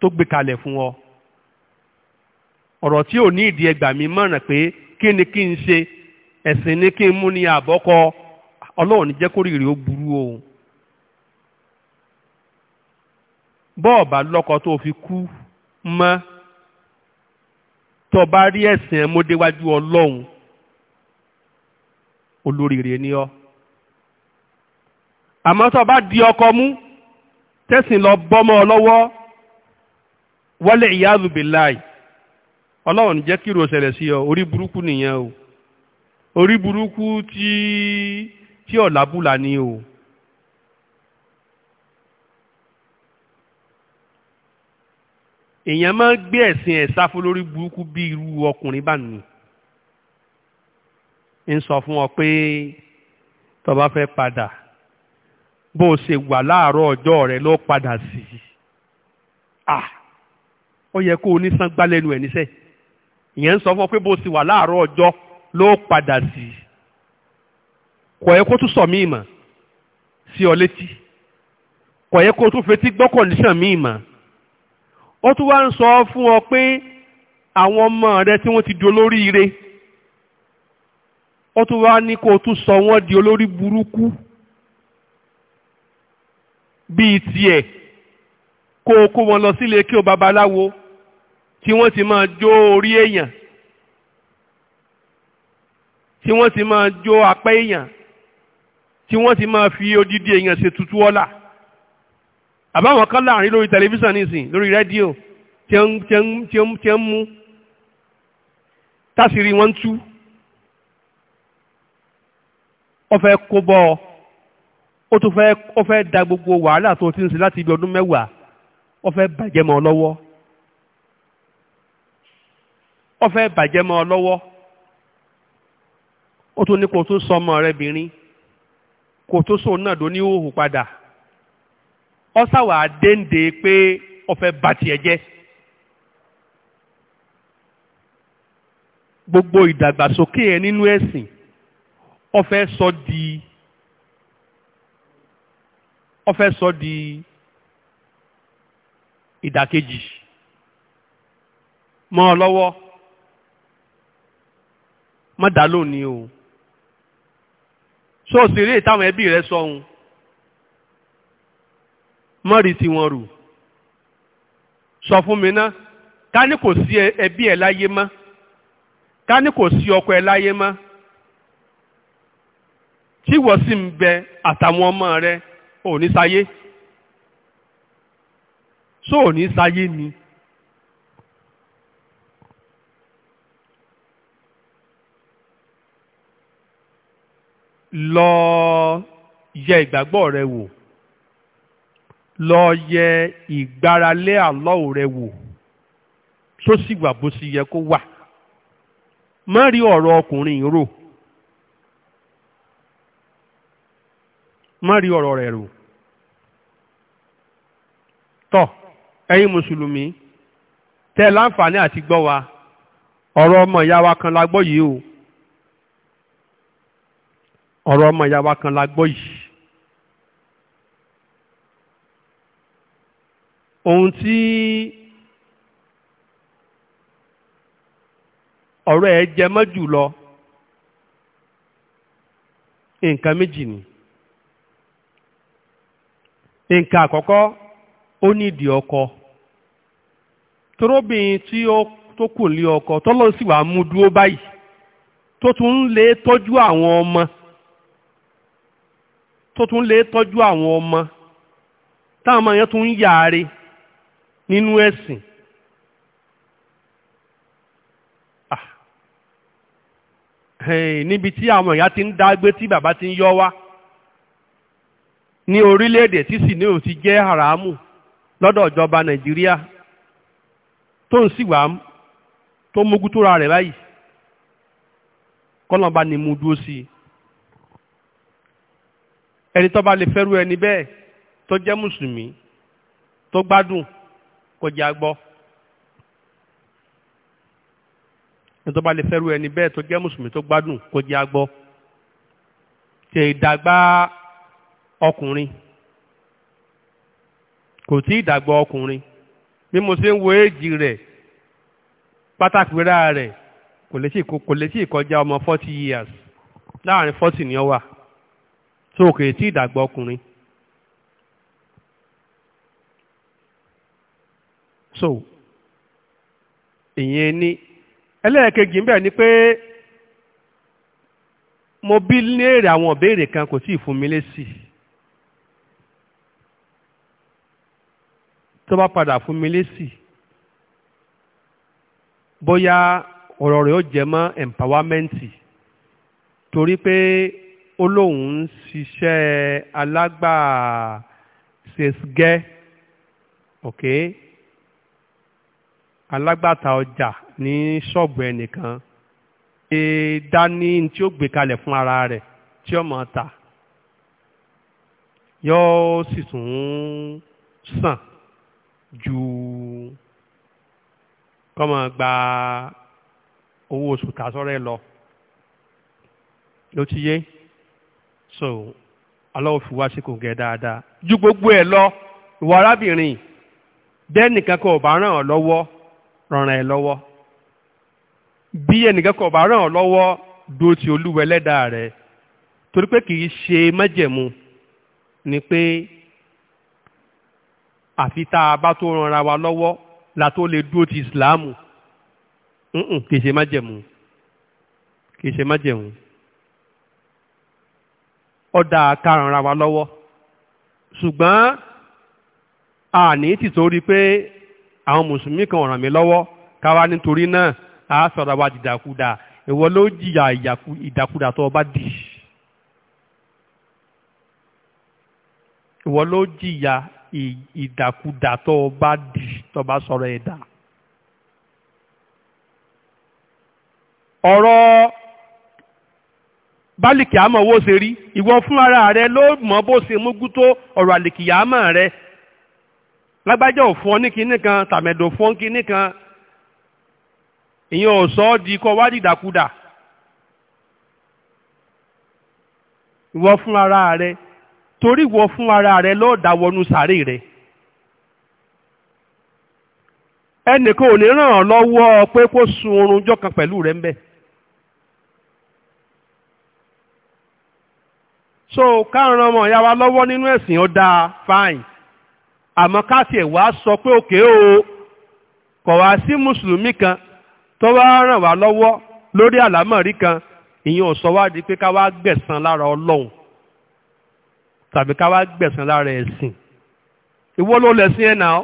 tó gbé kalẹ̀ fún ọ ọ̀rọ̀ tí ò ní ìdí ẹgbà mi mọ̀ràn pé kí ni kí n ṣe ẹ̀sìn ni kí n mú ní àbọ́kọ ọlọ́run ní jẹ́ kórìírí ó burú o bọ́ọ̀bà lọ́kọ tó fi kú mọ́ tó bá rí ẹ̀sìn ẹmọdéwájú ọlọ́run olóríire ni ọ àmọ́ tó bá di ọkọ mú tẹ̀sìn lọ bọ́mọ lọ́wọ́ wọlé ìyáàlú bèláì ọlọ́run jẹ́ kí ròṣẹ̀lẹ̀ sí ọ orí burúkú nìyẹn o orí burúkú tí tí ọ̀làbùlà ni o. èèyàn máa ń gbé ẹ̀sìn ẹ̀ sáfó lórí burúkú bí irú ọkùnrin bá nù ń sọ fún ọ pé tó bá fẹ́ padà bó ṣe wà láàárọ̀ ọjọ́ rẹ ló padà sí ah ó yẹ kó o ní sán gbálẹ́nu ẹ̀ níṣẹ́ ìyẹn ń sọ fún ọ pé bó ti wà láàárọ̀ ọjọ́ ló padà sí i kò yẹ kó tún sọ mí ìmọ̀ sí ọ létí kò yẹ kó tún fetí gbọ́ kọ̀ǹdíṣàn mí ìmọ̀ ó tún wá ń sọ fún ọ pé àwọn ọmọ rẹ tí wọ́n ti di olóríire ó tún wá ní kó tún sọ wọ́n di olórí burúkú bíi tiẹ̀ kó o kó wọn lọ sílé kí o babaláwo tí wọ́n ti máa jó orí èèyàn tí wọ́n ti máa jó apẹ́ èèyàn tí wọ́n ti máa fi odidi èèyàn ṣe tutù ọ̀la àbáwọn kan láàrin lórí tẹlifíṣàn nìsín lórí rédíò tí ń mú tásìrí wọn tú ó fẹ́ kó bọ́ ọ ó tún fẹ́ ó gbogbo wàhálà tó ti ń ṣe láti ibi ọdún mẹ́wàá ó fẹ́ bàjẹ́ mọ́ ọ lọ́wọ́ ó fẹ́ bàjẹ́ mọ́ ọ lọ́wọ́ ó tún ní kó tún sọ ọmọ rẹ bìnrin kó tún sòun náà ló ní òhù padà ọ sáwà dénde pé ó bà tiẹ̀ jẹ́ gbogbo ìdàgbàsókè ẹ nínú ẹ̀sìn ó sọ di ó sọ di ìdàkejì mọ́ ọ lọ́wọ́ mọ́ dá lónìí o so òsèré táwọn ẹbí rẹ sọhun mọ́rí tiwọn rù sọ fún mi ná ká ní kò sí ẹbí ẹ láyé mọ́ ká ní kò sí ọkọ ẹ láyé mọ́ tí wọ́n sì ń bẹ àtàwọn ọmọ rẹ ò ní sáyé sóò ní sáyé ni. lọ yẹ ìgbàgbọ́ rẹ wò lọ yẹ ìgbáralé àlọ́ rẹ wò tó sì wà bó sì yẹ kó wà má rí ọ̀rọ̀ ọkùnrin rò má rí ọ̀rọ̀ rẹ̀ rò tọ́ ẹ̀yin mùsùlùmí tẹ́ ẹ láǹfààní àti gbọ́ wa ọ̀rọ̀ ọmọ ìyá wa kan la gbọ́ yìí o ọ̀rọ̀ ọmọ ìyá wa kan la gbọ́ yìí ohun tí ọ̀rọ̀ ẹ jẹ mọ́ jùlọ nǹkan méjì ni nǹkan àkọ́kọ́ ó nídìí ọkọ torobìnrin tí ó tó kù ọkọ tọ́lọ́ sì wàá mú dúró báyìí tó tún lè tọ́jú àwọn ọmọ tó tún lè àwọn ọmọ táwọn ọmọ yẹn tún ń yàre nínú ah. níbi tí àwọn ìyá ti ń dágbé tí bàbá ti ń yọ wá ní orílẹ̀-èdè tí haramu lọ́dọ̀ ìjọba Nàìjíríà tó ń sì wá tó mógú tó ra rẹ̀ báyìí kọ́nà bá ní mú dúró sí i ẹni tó bá lè fẹ́rú ẹni bẹ́ẹ̀ tó jẹ́ mùsùlùmí tó gbádùn kọjá gbọ́ ẹni tó bá lè fẹ́rú ẹni bẹ́ẹ̀ tó jẹ́ mùsùlùmí tó gbádùn kọjá gbọ́ ṣe ìdàgbà ọkùnrin kò tí ì ọkùnrin bí mo ṣe ń wo éèjì rẹ̀ pàtàkì rẹ̀ rẹ̀ kò lè sí ìkọjá ọmọ forty years láàrin forty ni ó wà tó o kèé tí ìdàgbọ́ ọkùnrin. so ìyẹn ni ẹlẹ́ẹ̀kejì ń bẹ̀ ni pé mo bí ní àwọn ìbéèrè kan kò tí ì fún mi lésì. tó bá padà fún mi lésì bóyá ọ̀rọ̀ rẹ̀ ó jẹ mọ́ ẹ̀mpáwámẹ́ǹtì torí pé ó lóun ń ṣiṣẹ́ alágbàṣesgẹ́ ok alágbàtà ọjà ní ṣọ́ọ̀bù ẹnìkan ṣe dání tí ó gbé kalẹ̀ fún ara rẹ̀ tí ó mọ̀ ta yóò sì tún sàn ju kọ́mọ gba owó oṣù tàṣọ́rẹ́ lọ ló ti yé so aláwọ̀ fi wá sí kò gẹ̀ dáadáa ju gbogbo ẹ̀ lọ ìwọ arábìnrin bẹ́ẹ̀ nìkan kò bá ràn ọ́ lọ́wọ́ ràn ẹ́ lọ́wọ́ bí ẹnìkan kò bá ràn ọ́ lọ́wọ́ dúró ti olúwẹ̀lẹ́dàá rẹ̀ torí pé kì í ṣe májẹ̀mú ni pé àfi tá a bá tó ranra wa lọ́wọ́ la tó lè dúró ti ìsìláàmù kìí ṣe májẹ̀mú kìí ṣe májẹ̀mú ọ̀dà ká ranra wa lọ́wọ́ ṣùgbọ́n àní ti torí pé àwọn mùsùlùmí kan ràn mí lọ́wọ́ káwa nítorí náà a sọ̀rọ̀ wa dìdàkudà ìwọ ló jìyà ìdàkudà tó bá dì ìwọ ló jìyà ìdàkudà tó o bá dì tó o bá sọ̀rọ̀ ẹ̀dá. ọ̀rọ̀ bálìkìámọ̀ wo ṣe rí ìwọ fún ara rẹ ló mọ̀ bó ṣe mógú tó ọ̀rọ̀ àlìkìámọ̀ rẹ lágbájá fún ọ ní kinní kan tàmẹ̀dò fún ọ kinní kan ìyẹn ò sọ ọ́ di kọ́ wá dìdàkudà ìwọ fún ara rẹ torí wọ fún ara rẹ lọ́ọ́ dáwọnú sàárè rẹ ẹnìkan ò ní ràn án lọ́wọ́ pé kó sun oorun jọ kan pẹ̀lú rẹ ńbẹ so káàrán ọmọ ìyá wa lọ́wọ́ nínú ẹ̀sìn ó dáa fine àmọ́ káàtì ẹ̀ wá sọ pé òkè o kọ̀ wá sí mùsùlùmí kan tó wá ràn wá lọ́wọ́ lórí àlámọ̀rí kan ìyẹn ò sọ wá di pé ká wá gbẹ̀san lára ọlọ́run tàbí ká wá gbẹ̀sán lára ẹ̀sìn ìwọ ló lẹ̀sìn ẹ̀ náà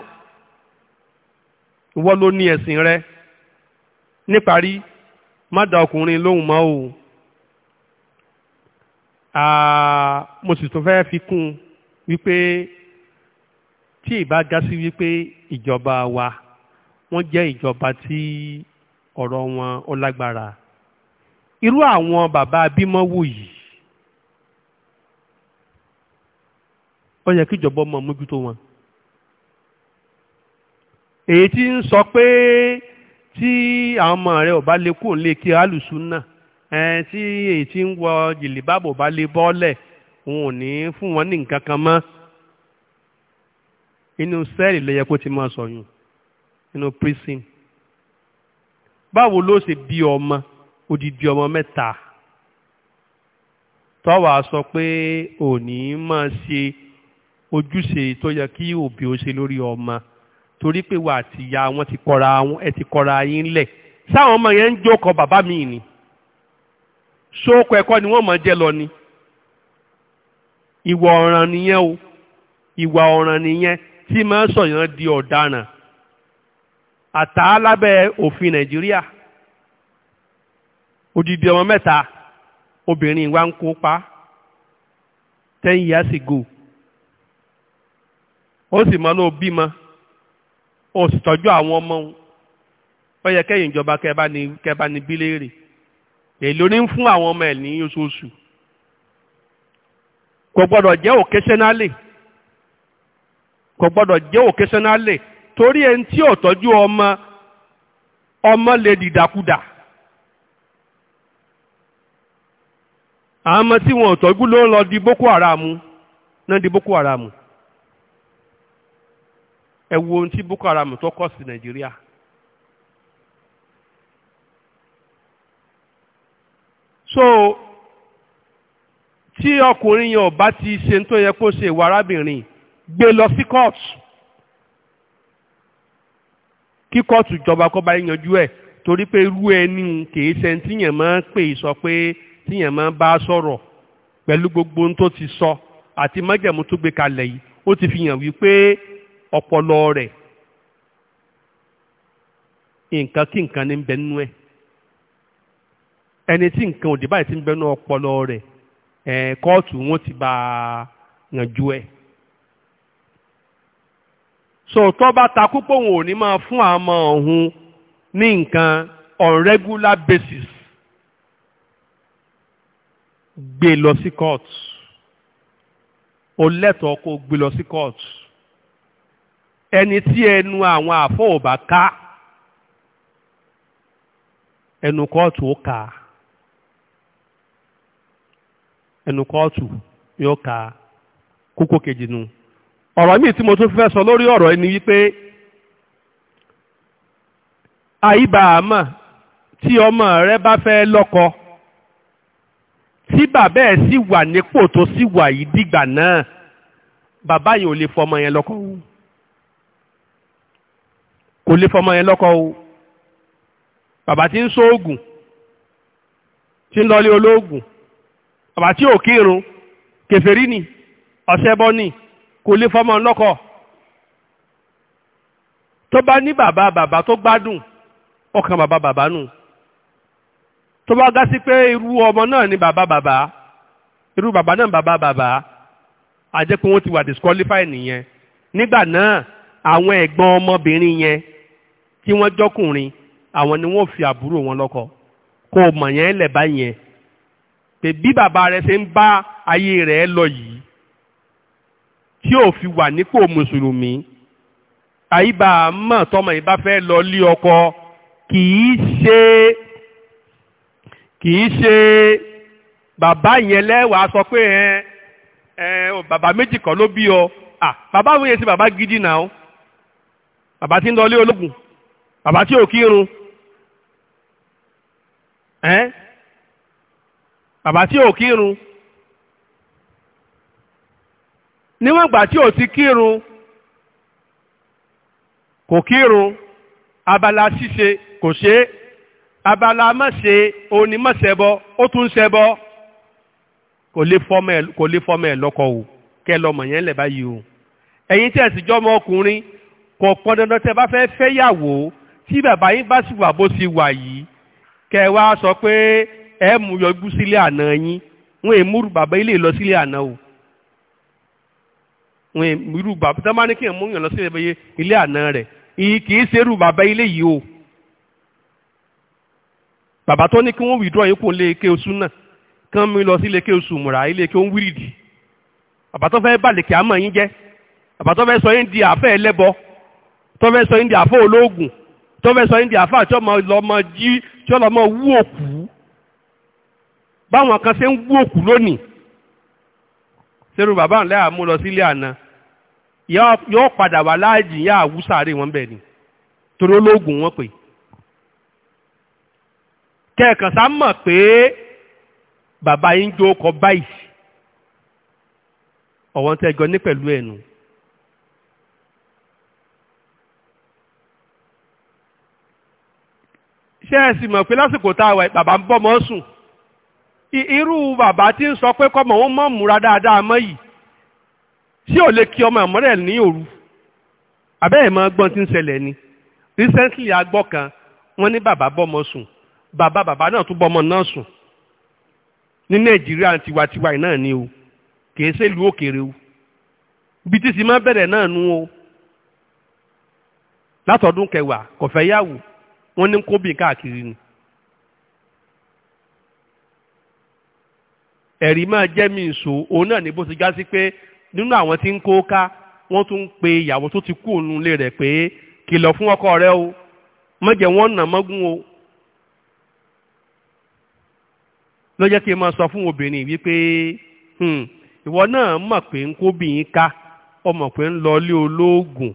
ìwọ ló ní ẹ̀sìn rẹ níparí má da ọkùnrin lóhùn mọ́ o mo sì tún fẹ́ fi kún un wípé tí ìbá já sí wípé ìjọba wa wọ́n jẹ́ ìjọba tí ọ̀rọ̀ wọn ó lágbára irú àwọn bàbá abímọ́wò yìí ó yẹ kí ìjọba ọmọ mójútó wọn èyí tí ń sọ pé tí àwọn ọmọ rẹ ò bá lè kúrò lè kí alùsùn náà ẹn tí èyí tí ń wọ jìlìbáàbò bá lè bọ́ọ̀lẹ̀ wọn ò ní fún wọn ní nǹkan kan mọ́ inú sẹ́ẹ̀lì ló kó ti máa sọ̀yún inú prison báwo ló ṣe bí ọmọ odidi ọmọ mẹ́ta tọ́wọ́ a sọ pé òní máa ṣe ojúṣe tó yẹ kí òbí ó ṣe lórí ọmọ torí pé wà àti ti kọra wọn ẹ ti kọra yín sáwọn ọmọ yẹn ń jókòó bàbá mi ni sóòkò ni wọ́n jẹ́ lọ ni ìwà ọ̀ràn nìyẹn o ìwà nìyẹn tí máa ń sọ̀yàn di ọ̀daràn àtà odidi ọmọ obìnrin wa ń years ago ó sì mọ n'obi bímọ ó sì tọ́jú àwọn ọmọ òun ó yẹ kẹ́yìn ìjọba kẹba ni bíléèrè èyí ló ní ń fún àwọn ọmọ ẹ̀ ní oṣooṣù kò gbọ́dọ̀ jẹ́ occasionally kò gbọ́dọ̀ jẹ́ torí ẹni tí ò tọ́jú ọmọ ọmọ lè dìdàkudà àwọn wọn ò tọ́jú ló lọ di Boko Haram náà di Boko Haram. ẹ wo ohun tí Boko Haram tó kọ́ sí Nàìjíríà. so tí ọkùnrin yẹn ò bá ti ṣe tó yẹ kó ṣe ìwà arábìnrin gbé lọ sí kóòtù kí kóòtù ìjọba kó bá yanjú ẹ̀ torí pé irú ẹni kìí ṣe tíyàn máa ń pè sọ pé tíyàn máa ń bá sọ̀rọ̀ pẹ̀lú gbogbo tó ti sọ àti májẹ̀mú tó gbé kalẹ̀ yìí ó ti fi hàn wípé ọpọlọ rẹ̀ nǹkan kí nǹkan ní bẹ nínú ẹ̀ ẹni tí nǹkan òdì báyìí ti ń bẹ nínú ọpọlọ rẹ̀ ẹ̀ kóòtù wọn ti bá a yanjú ẹ̀ sòtọ́ bá takú pé òun ò ní máa fún àmọ́ òun ní nǹkan on regular basis gbé lọ sí court o lẹ́tọ̀ọ́ kó gbé lọ sí court. ẹni tí ẹnu àwọn àfọ́ ò ká ẹnu kóòtù ó ẹnu kóòtù yóò kà á kókó kejì nu ọ̀rọ̀ míì tí mo tún fẹ́ sọ lórí ọ̀rọ̀ ẹni wípé àìbàámà tí ọmọ rẹ bá fẹ́ lọ́kọ tí bàbá ẹ̀ sì wà nípò tó sì wà yìí dìgbà náà bàbá yìí ò lè fọmọ yẹn lọ́kọ kò lè fọmọ yẹn lọ́kọ o bàbá tí ń sóògùn tí ń lọlé olóògùn bàbá tí ò kírun kèfèrí ni ọ̀sẹ́bọ ni kò lè fọmọ lọ́kọ tó bá ní bàbá bàbá tó gbádùn ọkàn bàbá bàbá nù tó bá gá sí pé irú ọmọ náà ni bàbá bàbá irú bàbá náà bàbá bàbá àjẹpọ̀ wọn ti wà disqualify nìyẹn nígbà náà àwọn ẹ̀gbọ́n ọmọbìnrin yẹn tí wọ́n jọ́kùnrin àwọn ni wọ́n fi àbúrò wọn lọ́kọ kó o mọ̀ yẹn lẹ̀ báyìí yẹn pé bí bàbá rẹ̀ ṣe ń bá ayé rẹ̀ lọ yìí tí ò fi wà nípò mùsùlùmí àyíbá mọ̀ tọmọ yìí bá fẹ́ lọ lé ọkọ kì ṣe kì ṣe bàbá yẹn lẹ́wàá sọ pé ẹ ẹ bàbá méjì kan ló bí ọ ah bàbá wo yẹn ṣe bàbá gidi náà bàbá tí ń lọ lé ológun bàbá tí ò kírun ẹ́ bàbá tí ò kírun níwọ̀n ìgbà tí ò ti kírun kò kírun abala ṣíṣe kò ṣe é abala mọ̀ṣe òní mọ̀ṣẹ̀bọ ó tún ṣẹbọ kò lè fọmọ ẹ̀ kò o kẹ́ lọ́mọ yẹn lẹ̀ báyìí o ẹ̀yin tí ẹ̀ sì jọ́mọ ọkùnrin kò pọn dandan tẹ́ bá fẹ́ fẹ́yàwó tí bàbá yín bá sì wà bó sì wà yìí kẹ ẹ wá sọ pé ẹ mú yọjú sílé àná yín wọn o wọn èmúrú bàbá tí wọn bá ní kí n mú yàn lọ sílé ilé àná rẹ ìyí kì í ṣerú bàbá ilé yìí o bàbá tó ní kí wọn yín kò lè ké oṣù náà kán mi lọ sílé ké oṣù múra ilé ké ń wírìdì bàbá tó fẹ́ balẹ̀ kí á mọ̀ yín jẹ́ bàbá tó fẹ́ sọ yín di tó fẹ́ sọ india fáà tí ọmọ lọ́mọ jí tí ọlọ́mọ wú òkú báwọn kan ṣe ń wú òkú lónìí ṣerú bàbá ńlẹ́ àmú lọ sílé àná yóò padà wà láàjì yá àwúsàárè wọn bẹ̀ ni torí ológun wọn pè kẹ́ẹ̀kan sá mọ̀ pé bàbá yín jókòó báyìí ọ̀wọ́n tẹ́jọ ní pẹ̀lú ẹ̀nu. ṣé ẹ sì mọ̀ pé lásìkò tá a wà bàbá ń bọ́ mọ́ sùn irú bàbá tí ń sọ pé kọ́mọ wọn mọ̀ múra dáadáa mọ́ yìí ṣé ò lè kí ọmọ ìmọ̀rẹ́ ní òru àbẹ́ẹ̀ mọ́ gbọ́n tí ń ṣẹlẹ̀ ni recently a gbọ́ kan wọ́n ní bàbá bọ́mọ sùn bàbá bàbá náà tún bọ́mọ náà sùn ní nàìjíríà tiwantiwa náà ni o kìí ṣe ìlú òkèèrè o bí tí sì máa bẹ̀rẹ̀ náà nu o látọdún kẹwàá kò yàwó wọ́n ní kóbìn káàkiri ni. ẹ̀rí máa jẹ́ mi ìṣó òun náà ní bó ti já sí pé nínú àwọn tí ń kó ká wọ́n tún ń pe ìyàwó tó ti kú òun lé rẹ̀ pé kìlọ̀ fún ọkọ rẹ o mọ̀jẹ̀ wọ́n nà mọ́gún o. ló jẹ́ kí n máa sọ fún obìnrin wípé hmm, ìwọ náà mọ̀ pé ń kóbìn ká ọmọ pé ń lọ lé olóògùn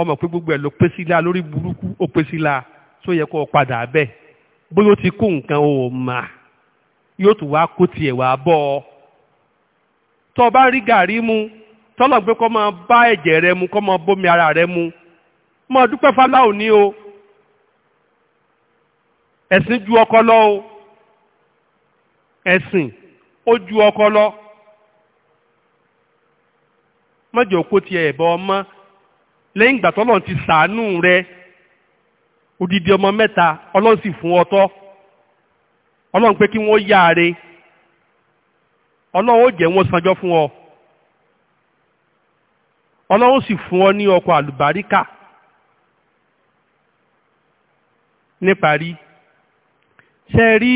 ọmọ pé gbogbo ẹ̀ ló pé sí la lórí burúkú ó pé sí la tó yẹ kó o padà bẹ́ẹ̀ bóyá ó ti kó nǹkan o mà yóò tún wá kó tiẹ̀ wá bọ́ ọ tó o bá rí gàrí mu tọ́lọ̀ pé kó máa bá ẹ̀jẹ̀ rẹ mu kó máa bómi ara rẹ mu máa dúpẹ́ fáláò ní o ẹ̀sìn ju ọkọ lọ o ẹ̀sìn ó ju ọkọ lọ mọ́jọ́ kó tiẹ̀ bọ́ ọ mọ́ lẹ́yìn ìgbà tọ́lọ́run ti sàánú rẹ odidi ọmọ mẹ́ta ọlọ́run sì fún ọtọ́ ọlọ́run pé kí wọ́n yáre ọlọ́run ó jẹ́ wọn sanjọ́ fún ọ ọlọ́run sì fún ọ ní ọkọ àlùbáríkà níparí ṣe rí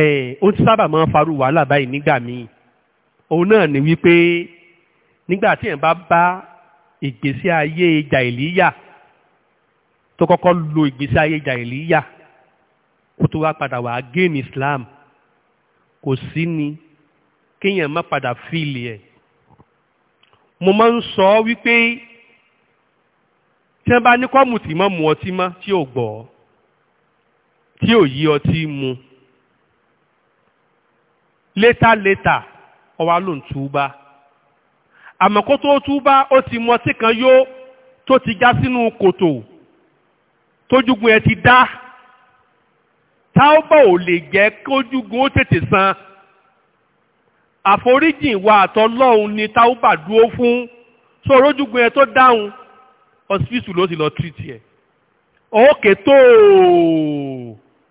ẹ̀ ó ti sábà máa farú wàhálà báyìí nígbà míì òun náà ni wípé nígbà tí ẹ̀ bá bá ìgbésí ayé jàìlíyà tó kọ́kọ́ lo ìgbésí ayé jàìlíyà kó tó wá padà wá géèmì Islam kò sí ni kéèyàn má padà fíìlì ẹ̀ mo máa ń sọ wípé tí wọ́n bá ní kọ́mù tí mọ́ mu ọtí mọ́ tí ò gbọ́ tí ò yí ọtí mu létà létà ọwá ló ń àmọ́ kó tó túbá ó ti mọtí kan yó tó ti já sínú kòtò tójúgun ẹ ti dá táwọ́bà ò lè jẹ́ kójúgun ó tètè san àforíjìn wa àtọlọ́hun ni táwọ́bà dúró fún so rójúgun ẹ tó dáhùn hospital ló ti lọ treat ẹ òkè tó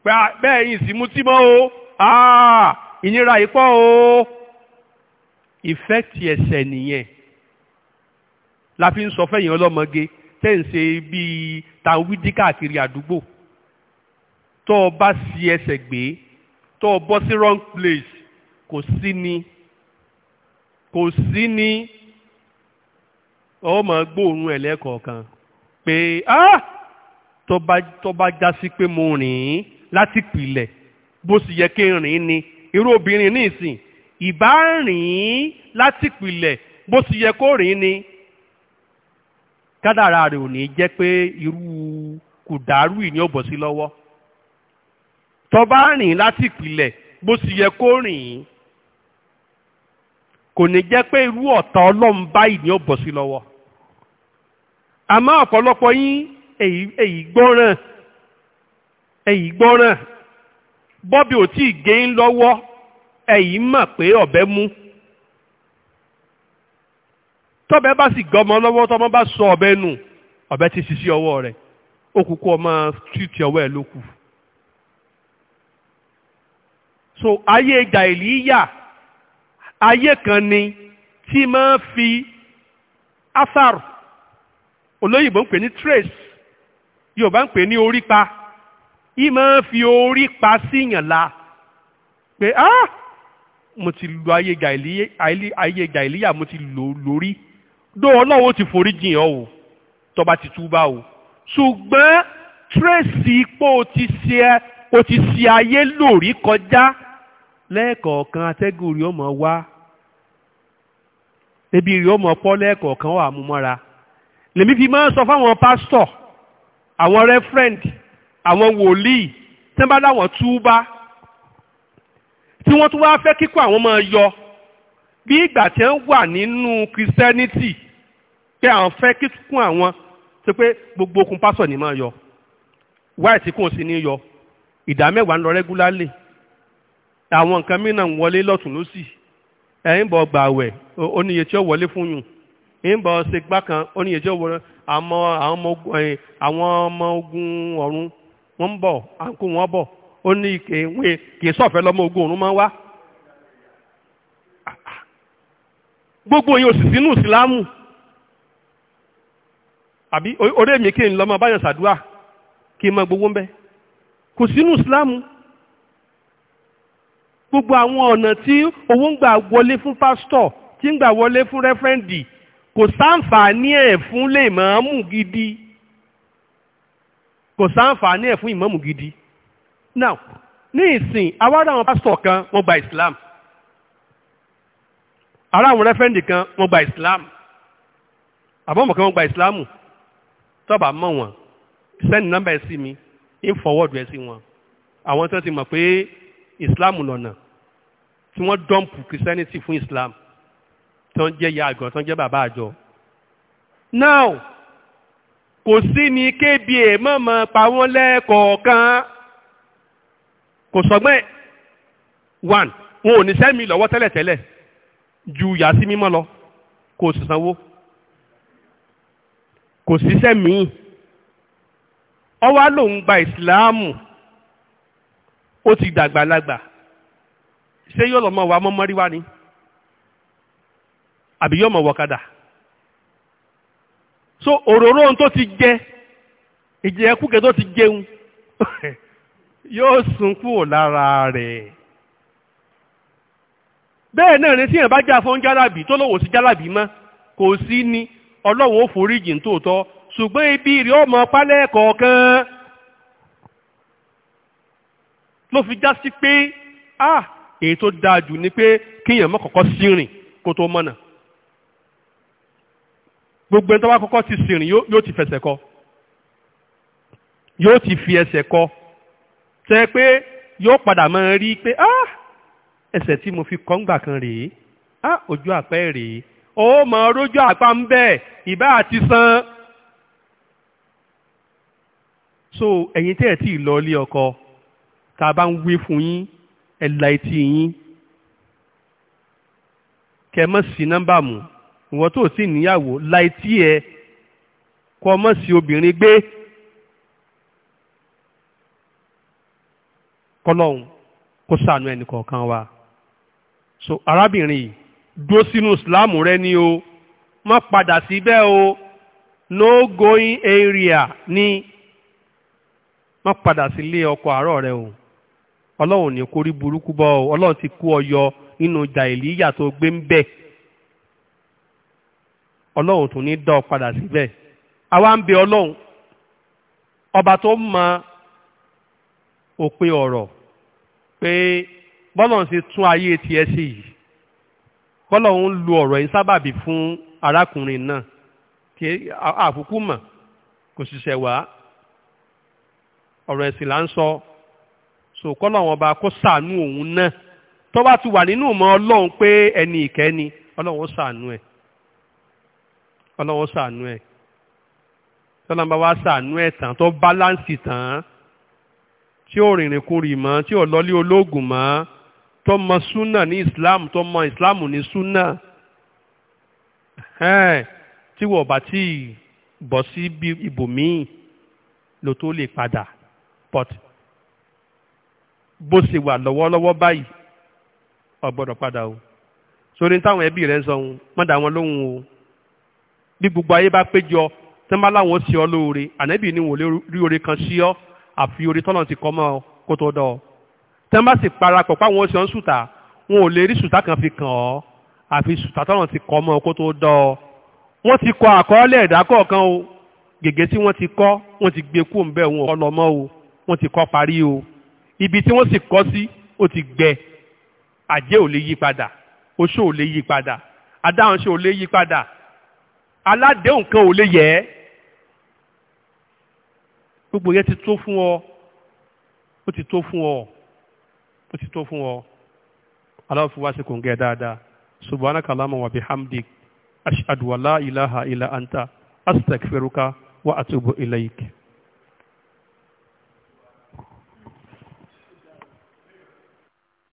bẹ́ẹ̀ yìí tí mọ́ o ah, ìnira ìpọ́ o ìfẹ́ ti ẹ̀sẹ̀ nìyẹn la fi ń sọ fẹ́yìn ọlọ́mọge tẹ́ ń ṣe bíi ta wídí káàkiri àdúgbò tó o bá si ẹsẹ̀ gbé tó o bọ́ sí wrong place kò sí ni kò sí ni ọ máa gbóòórùn ẹ̀ lẹ́kọ̀ọ̀kan pé ah! tó bá tó bá já sí pé mo rìn ín láti pìlẹ̀ bó sì yẹ kí n rìn ín ni irú obìnrin ní ìsìn ìbá rìn ín láti pìlẹ̀ bó sì yẹ kó rìn ín ni kádàrà rẹ̀ ò ní jẹ́ pé irú kùdàrú ìní ò sí lọ́wọ́ tó rìn láti ìpìlẹ̀ bó sì yẹ kó rìn kò ní jẹ́ pé irú ọ̀tá ọlọ́run bá ìní ò sí lọ́wọ́ àmọ́ ọ̀pọ̀lọpọ̀ yín èyí gbọ́ràn èyí gbọ́ràn tọ́bẹ bá sì gọmọ lọ́wọ́ tọ́mọ bá sọ ọ̀bẹ nù ọ̀bẹ ti sisi ọwọ́ rẹ̀ ó kú kó ọmọ tìtì ọwọ́ ẹ̀ ló kù. so ayé jàìlíyà ayé kan ni tí máa fi asar olóyìnbó ń pè ní trace yorùbá ń pè ní orí pa yìí máa fi orí pa síyàn la pé ah mo ti lo ayé gàìlíyà mo ti lò lórí dó ọlọ́run ó ti forí jìn ọ́ o tó bá o ṣùgbọ́n tírèsì pé o ti ṣe o ti ṣe ayé lórí kọjá lẹ́ẹ̀kọ̀ọ̀kan atẹ́gùn rí ọmọ wá ebi rí ọmọ pọ́ lẹ́ẹ̀kọ̀ọ̀kan wà mú mọ́ra lèmi fi máa ń sọ fáwọn pásítọ̀ àwọn rẹ́fúrẹ́ǹdì àwọn wòlíì tí wọ́n bá láwọn túbá tí wọ́n tún wá fẹ́ kíkọ́ àwọn máa yọ bí ìgbà tí wọ́n wà nínú Christianity pé àwọn fẹ́ kíkún àwọn tó pé gbogbo okun pásọ̀ ní máa yọ white kún sí ní yọ ìdá mẹ́wàá ń lọ regularly àwọn nǹkan mìíràn ń wọlé lọ́tún lọ́sì ẹ̀yìn bọ̀ gbàwẹ̀ oníye tí ó wọlé fún yùn ẹ̀yìn bọ̀ ṣe gbá kan oníye tí ó wọlé àwọn ọmọ ogun ọ̀run wọ́n ń bọ̀ àǹkó wọn bọ̀ ó ní kèé sọ̀fẹ́ lọ́mọ ogun ọ̀run máa wá gbogbo yìí òsì sínú ìsìlámù àbí orí èmi kí n lọ́mọ báyọ̀ sàdúrà kí n mọ gbogbo ń bẹ kò sínú ìsìlámù gbogbo àwọn ọ̀nà tí owó ń gbà wọlé fún pásítọ̀ tí ń gbà wọlé fún rẹ́fẹ́rẹ́ndì kò sáǹfààní ẹ̀ fún lè mọ̀ọ́mù gidi kò sáǹfààní ẹ̀ fún ìmọ̀ọ́mù gidi now ní ìsìn awárà àwọn pásítọ̀ kan wọ́n gba ìsìlámù Ara àwọn rẹ́fẹ́ǹdì kan wọ́n gba islam àbọ̀mọ̀ kan wọ́n gba islam tọ́ba mọ̀ wọ́n send nọ́mbà ẹ̀ sí mi ń fọwọ́dù ẹ̀ sí wọn àwọn tó ti mọ̀ pé islam lọ́nà tí wọ́n dọ́ǹpù christianity fún islam tó ń jẹ́ ìyá àjọ tó ń jẹ́ bàbá àjọ. now kò sí ní kba mọ̀mọ́ pa wọ́n lẹ́ẹ̀kọ̀ọ̀kan kò sọgbẹ́ one wọn ò ní sẹ́mi lọ́wọ́ tẹ́lẹ̀tẹ́lẹ̀. ju yàtí mímọ́ lọ kò sì sanwó kò síṣẹ́ míì ọwá lòun gba ìsìláàmù ó ti dàgbàlagbà ṣé yóò lọ mọ wa mọ́mọ́rí wá ni àbí yóò mọ wọ̀kadà so òróró ohun tó ti jẹ ìjẹkúkẹ tó ti jẹun yóò sunkún lára rẹ̀. bẹ́ẹ̀ náà ni tí èèyàn bá jà fún jálàbí tó lòwò sí jálàbí mọ́ kò sí ni ọlọ́run ó foríjì tòótọ́ ṣùgbọ́n ibi rí ọmọ pálẹ̀ kọ̀ọ̀kan ló fi já sí pé a ah, èyí tó dáa jù ni pé kíyàn mọ́ kọ́kọ́ sírìn kó tó mọ̀nà gbogbo ẹni tó bá kọ́kọ́ ti sírìn yóò ti fẹsẹ̀ kọ yóò ti fi ẹsẹ̀ kọ tẹ́ pé yóò padà máa rí pé a. Ah, ẹsẹ̀ tí mo fi kọ́ngbà kan rèé á ojú àpẹ́ rèé ó mọ rójú àpá ń bẹ́ẹ̀ ìbá àti san. so ẹ̀yin tẹ́ ẹ̀ tí ì lọ ilé ọkọ tá a bá ń wí fún yín ẹ̀ la etí yín kẹ́ mọ́ sí nọ́mbà mú ìwọ tó sì níyàwó la etí ẹ kọ́ mọ́ sí obìnrin gbé. kọlọ́hún kó ṣàánú ẹnì kọ̀ọ̀kan wa. so arábìnrin yìí dúró sínú ìsìláàmù rẹ ni o má padà síbẹ̀ o no going area ni má padà sílé ọkọ àárọ̀ rẹ o ọlọ́run ní kórí burúkú bọ́ o ọlọ́run ti kú ọyọ nínú jàìlíyà tó gbé ń bẹ̀ ọlọ́run tún ní dán padà síbẹ̀ àwa ń bẹ ọlọ́run ọba tó mọ òpin ọ̀rọ̀ pé. bọ́lọ̀ ń ṣe tún ayé tiẹ̀ sí yìí bọ́lọ̀ ń lo ọ̀rọ̀ yìí sábàbí fún arákùnrin náà kí àkókò mọ̀ kò sì ṣẹ̀ wá ọ̀rọ̀ ẹ̀sìn là ń sọ so kọ́lọ̀ wọn bá kó sàánú òun náà tó bá ti wà nínú ìmọ̀ ọlọ́run pé ẹni ìkẹ́ ni ọlọ́run ó sàánú ẹ̀ ọlọ́run ó sàánú ẹ̀ tọ́lá bá wá sàánú ẹ̀ tán tó báláǹsì tán tí ò rìnrìn kurì mọ́ tí ò lọ́lé ológun mọ́ tó mọ súnà ní islam tó islam ní súnà tí wọ́n bá ti bọ̀ sí ibòmíì ló tó lè padà but bó ṣe wà lọ́wọ́lọ́wọ́ báyìí ọ̀gbọ́dọ̀ padà o sórí táwọn ẹbí rẹ̀ ń sọ ohun mọ́dà wọn lóhùn o bí gbogbo ayé bá péjọ tí wọ́n bá láwọn sí ọ lóore ànábì ni wọ́n lè rí oore kan sí ọ àfi oore tọ́nà ti kọ́ mọ́ ọ kó tó dọ̀ ọ tán bá sì parapọ̀ páwọn oṣù ọ̀nsùtà wọn ò lè rí sùtà kan fi kàn ọ́ àfi sùtà táwọn ti kọ́ mọ́ kó tó dọ́ ọ. wọ́n ti kọ àkọọ́lẹ̀ ẹ̀dá kọ̀ọ̀kan o gègé tí wọ́n ti kọ́ wọ́n ti gbé kúrò ńbẹ́ wọn ọlọ́mọ o wọ́n ti kọ́ parí o ibi tí wọ́n sì kọ́ sí ó ti gbẹ àjẹ́ ò lè yí padà oṣó ò lè yí padà adáhunṣe ò lè yí padà aládéhùn kan ò lè yẹ ẹ́ gbogbo yẹn ti tó fún ọ ó ti tó fún ọ ó ti tó fún ọ Allah fi wá sí kòǹgẹ́ dáadáa subhanaka Allahumma wa bihamdik ashhadu an la ilaha illa anta astaghfiruka wa atubu ilayk.